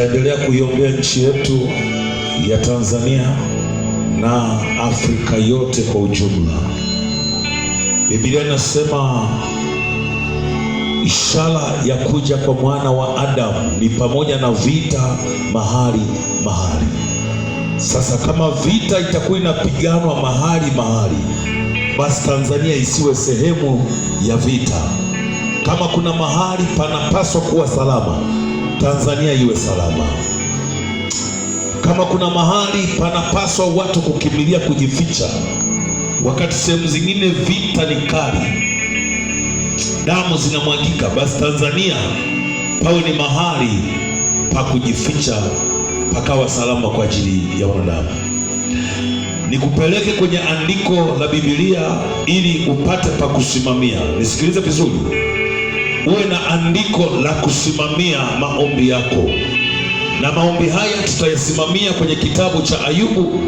tutaendelea kuiombea nchi yetu ya Tanzania na Afrika yote kwa ujumla. Biblia inasema ishara ya kuja kwa mwana wa Adamu ni pamoja na vita mahali mahali. Sasa kama vita itakuwa inapiganwa mahali mahali, basi Tanzania isiwe sehemu ya vita. Kama kuna mahali panapaswa kuwa salama Tanzania iwe salama. Kama kuna mahali panapaswa watu kukimbilia kujificha, wakati sehemu zingine vita ni kali, damu zinamwagika, basi Tanzania pawe ni mahali pa kujificha, pakawa salama kwa ajili ya wanadamu. Nikupeleke kwenye andiko la Biblia ili upate pa kusimamia. Nisikilize vizuri uwe na andiko la kusimamia maombi yako, na maombi haya tutayasimamia kwenye kitabu cha Ayubu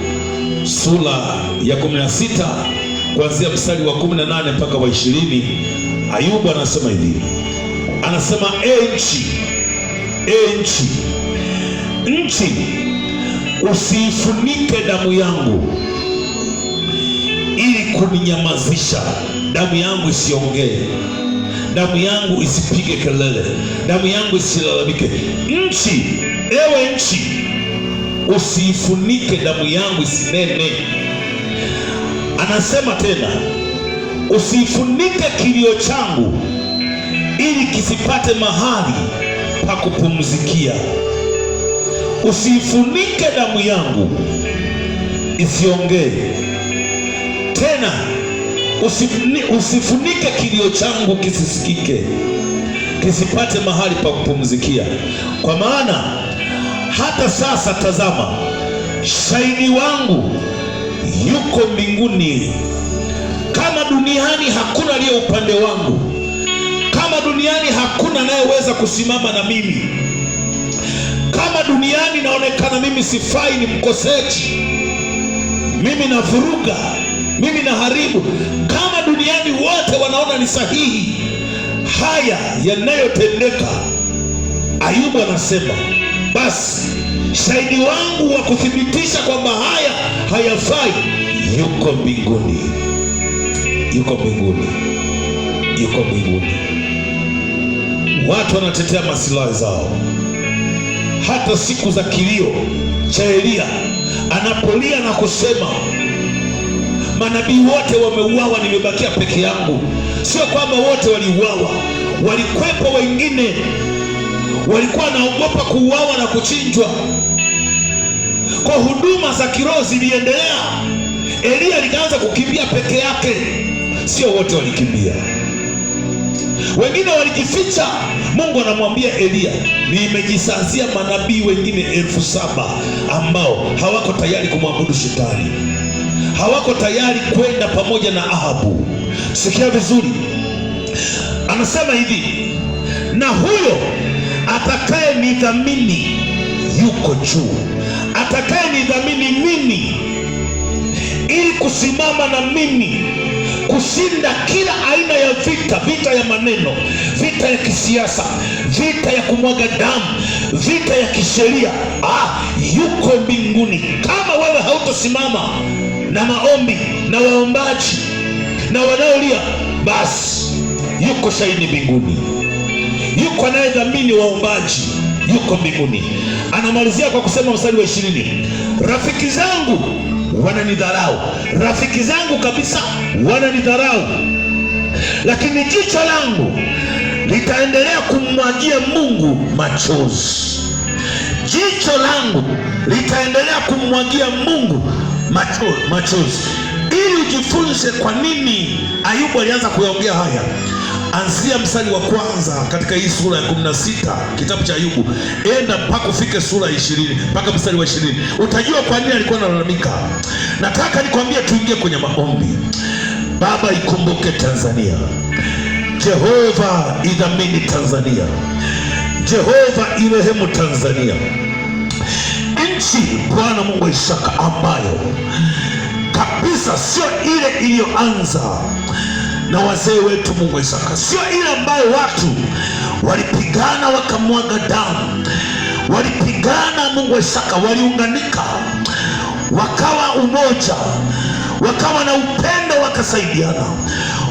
sura ya 16 kuanzia mstari wa 18 mpaka wa 20. Ayubu anasema hivi, anasema e nchi, e nchi, nchi usiifunike damu yangu ili kuninyamazisha, damu yangu isiongee damu yangu isipige kelele, damu yangu isilalamike. Nchi, ewe nchi, usiifunike damu yangu isinene. Anasema tena, usiifunike kilio changu ili kisipate mahali pa kupumzikia. Usiifunike damu yangu isiongee tena usifunike kilio changu kisisikike, kisipate mahali pa kupumzikia. Kwa maana hata sasa, tazama, shahidi wangu yuko mbinguni. Kama duniani hakuna aliye upande wangu, kama duniani hakuna anayeweza kusimama na mimi, kama duniani naonekana mimi sifai, ni mkoseti, mimi navuruga mimi naharibu. Kama duniani wote wanaona ni sahihi haya yanayotendeka, Ayubu anasema basi shahidi wangu wa kuthibitisha kwamba haya hayafai yuko mbinguni, yuko mbinguni, yuko mbinguni. Watu wanatetea masilahi zao. Hata siku za kilio cha Elia anapolia na kusema Manabii wote wameuawa, nimebakia peke yangu. Sio kwamba wote waliuawa, walikwepo wengine, walikuwa wanaogopa kuuawa na kuchinjwa. Kwa huduma za kiroho ziliendelea. Eliya likaanza kukimbia peke yake, sio wote walikimbia, wengine walijificha. Mungu anamwambia Eliya, nimejisazia manabii wengine elfu saba ambao hawako tayari kumwabudu Shetani hawako tayari kwenda pamoja na Ahabu. Sikia vizuri, anasema hivi, na huyo atakaye nidhamini yuko juu, atakaye nidhamini mimi ili kusimama na mimi kushinda kila aina ya vita, vita ya maneno, vita ya kisiasa, vita ya kumwaga damu, vita ya kisheria. Ah, yuko mbinguni. Kama wewe hautosimama na maombi na waombaji na wanaolia, basi yuko shahidi mbinguni, yuko anayedhamini waombaji, yuko mbinguni. Anamalizia kwa kusema mstari wa ishirini, rafiki zangu wananidharau, rafiki zangu kabisa wananidharau, lakini jicho langu litaendelea kumwagia Mungu machozi. Jicho langu litaendelea kumwagia Mungu machozi, machozi, ili ujifunze kwa nini Ayubu alianza kuyaongea haya. Anzia mstari wa kwanza katika hii sura ya kumi na sita kitabu cha Ayubu, enda mpaka ufike sura ya ishirini mpaka mstari wa ishirini utajua kwa nini alikuwa analalamika. Nataka nikwambie, tuingie kwenye maombi. Baba, ikumbuke Tanzania. Jehova, idhamini Tanzania. Jehova, irehemu Tanzania nchi, Bwana Mungu wa Isaka, ambayo kabisa sio ile iliyoanza na wazee wetu, Mungu wa Isaka, sio ile ambayo watu walipigana wakamwaga damu, walipigana Mungu wa Isaka, waliunganika wakawa umoja, wakawa na upendo, wakasaidiana,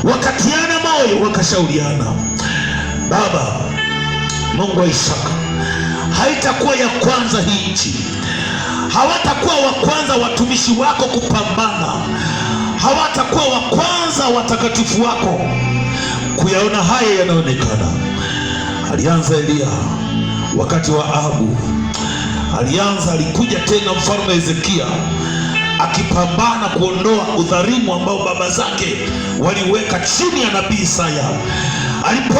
wakatiana moyo, wakashauriana. Baba Mungu wa Isaka, haitakuwa ya kwanza hii nchi hawatakuwa wa kwanza watumishi wako kupambana, hawatakuwa wa kwanza watakatifu wako kuyaona haya yanaonekana. Alianza Eliya wakati wa Ahabu, alianza alikuja tena mfalme Hezekia akipambana kuondoa udhalimu ambao baba zake waliweka chini ya nabii Isaya alipo